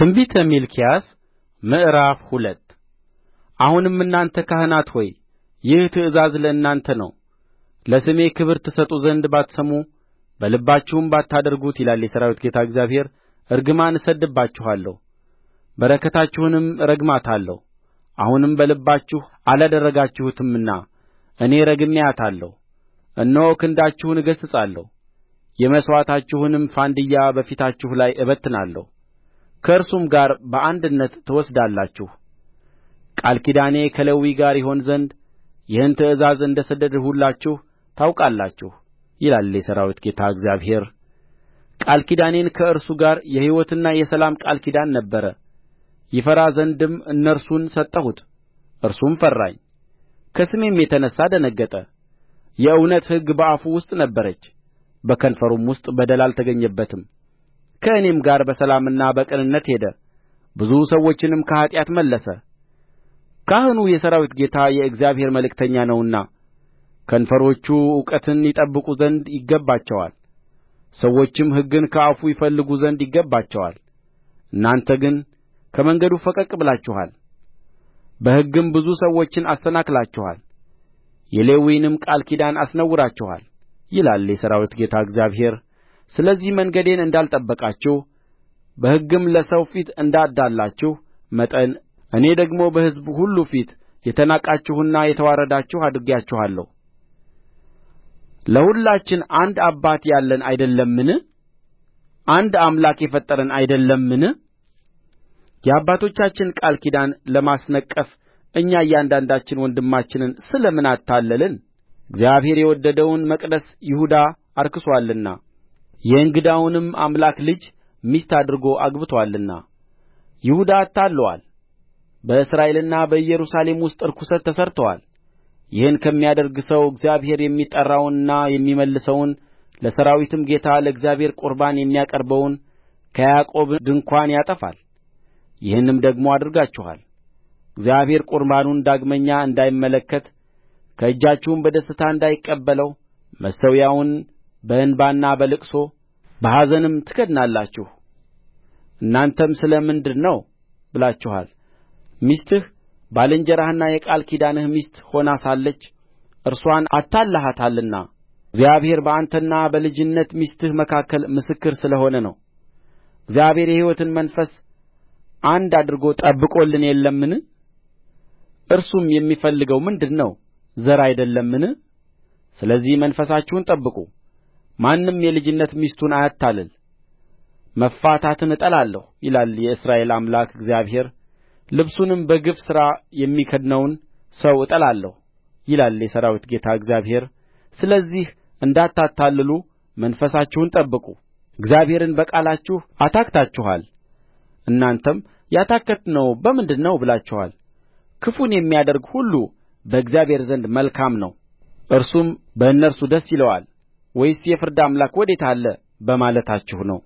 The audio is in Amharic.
ትንቢተ ሚልክያስ ምዕራፍ ሁለት አሁንም እናንተ ካህናት ሆይ ይህ ትእዛዝ ለእናንተ ነው ለስሜ ክብር ትሰጡ ዘንድ ባትሰሙ በልባችሁም ባታደርጉት ይላል የሠራዊት ጌታ እግዚአብሔር እርግማን እሰድድባችኋለሁ በረከታችሁንም እረግማታለሁ አሁንም በልባችሁ አላደረጋችሁትምና እኔ ረግሜአታለሁ እነሆ ክንዳችሁን እገሥጻለሁ የመሥዋዕታችሁንም ፋንድያ በፊታችሁ ላይ እበትናለሁ ከእርሱም ጋር በአንድነት ትወስዳላችሁ ቃል ኪዳኔ ከሌዊ ጋር ይሆን ዘንድ ይህን ትእዛዝ እንደ ሰደድሁላችሁ ታውቃላችሁ ይላል የሠራዊት ጌታ እግዚአብሔር ቃል ኪዳኔን ከእርሱ ጋር የሕይወትና የሰላም ቃል ኪዳን ነበረ ይፈራ ዘንድም እነርሱን ሰጠሁት እርሱም ፈራኝ ከስሜም የተነሣ ደነገጠ የእውነት ሕግ በአፉ ውስጥ ነበረች በከንፈሩም ውስጥ በደል አልተገኘበትም ከእኔም ጋር በሰላምና በቅንነት ሄደ ብዙ ሰዎችንም ከኃጢአት መለሰ ካህኑ የሠራዊት ጌታ የእግዚአብሔር መልእክተኛ ነውና ከንፈሮቹ እውቀትን ይጠብቁ ዘንድ ይገባቸዋል ሰዎችም ሕግን ከአፉ ይፈልጉ ዘንድ ይገባቸዋል እናንተ ግን ከመንገዱ ፈቀቅ ብላችኋል በሕግም ብዙ ሰዎችን አሰናክላችኋል የሌዊንም ቃል ኪዳን አስነውራችኋል ይላል የሠራዊት ጌታ እግዚአብሔር ስለዚህ መንገዴን እንዳልጠበቃችሁ በሕግም ለሰው ፊት እንዳዳላችሁ መጠን እኔ ደግሞ በሕዝብ ሁሉ ፊት የተናቃችሁና የተዋረዳችሁ አድርጌአችኋለሁ ለሁላችን አንድ አባት ያለን አይደለምን አንድ አምላክ የፈጠረን አይደለምን የአባቶቻችን ቃል ኪዳን ለማስነቀፍ እኛ እያንዳንዳችን ወንድማችንን ስለ ምን አታለልን እግዚአብሔር የወደደውን መቅደስ ይሁዳ አርክሶአልና የእንግዳውንም አምላክ ልጅ ሚስት አድርጎ አግብቶአልና ይሁዳ አታልሎአል በእስራኤልና በኢየሩሳሌም ውስጥ ርኵሰት ተሠርቶአል ይህን ከሚያደርግ ሰው እግዚአብሔር የሚጠራውንና የሚመልሰውን ለሠራዊትም ጌታ ለእግዚአብሔር ቍርባን የሚያቀርበውን ከያዕቆብ ድንኳን ያጠፋል ይህንም ደግሞ አድርጋችኋል እግዚአብሔር ቍርባኑን ዳግመኛ እንዳይመለከት ከእጃችሁም በደስታ እንዳይቀበለው መሠዊያውን በእንባና በልቅሶ በኀዘንም ትከድናላችሁ እናንተም ስለ ምንድር ነው ብላችኋል ሚስትህ ባልንጀራህና የቃል ኪዳንህ ሚስት ሆና ሳለች እርስዋን አታልለሃታልና እግዚአብሔር በአንተና በልጅነት ሚስትህ መካከል ምስክር ስለ ሆነ ነው እግዚአብሔር የሕይወትን መንፈስ አንድ አድርጎ ጠብቆልን የለምን እርሱም የሚፈልገው ምንድር ነው ዘር አይደለምን ስለዚህ መንፈሳችሁን ጠብቁ ማንም የልጅነት ሚስቱን አያታልል መፋታትን እጠላለሁ ይላል የእስራኤል አምላክ እግዚአብሔር ልብሱንም በግፍ ሥራ የሚከድነውን ሰው እጠላለሁ ይላል የሠራዊት ጌታ እግዚአብሔር ስለዚህ እንዳታታልሉ መንፈሳችሁን ጠብቁ እግዚአብሔርን በቃላችሁ አታክታችኋል እናንተም ያታከትነው በምንድር ነው ብላችኋል ክፉን የሚያደርግ ሁሉ በእግዚአብሔር ዘንድ መልካም ነው እርሱም በእነርሱ ደስ ይለዋል ወይስ የፍርድ አምላክ ወዴት አለ በማለታችሁ ነው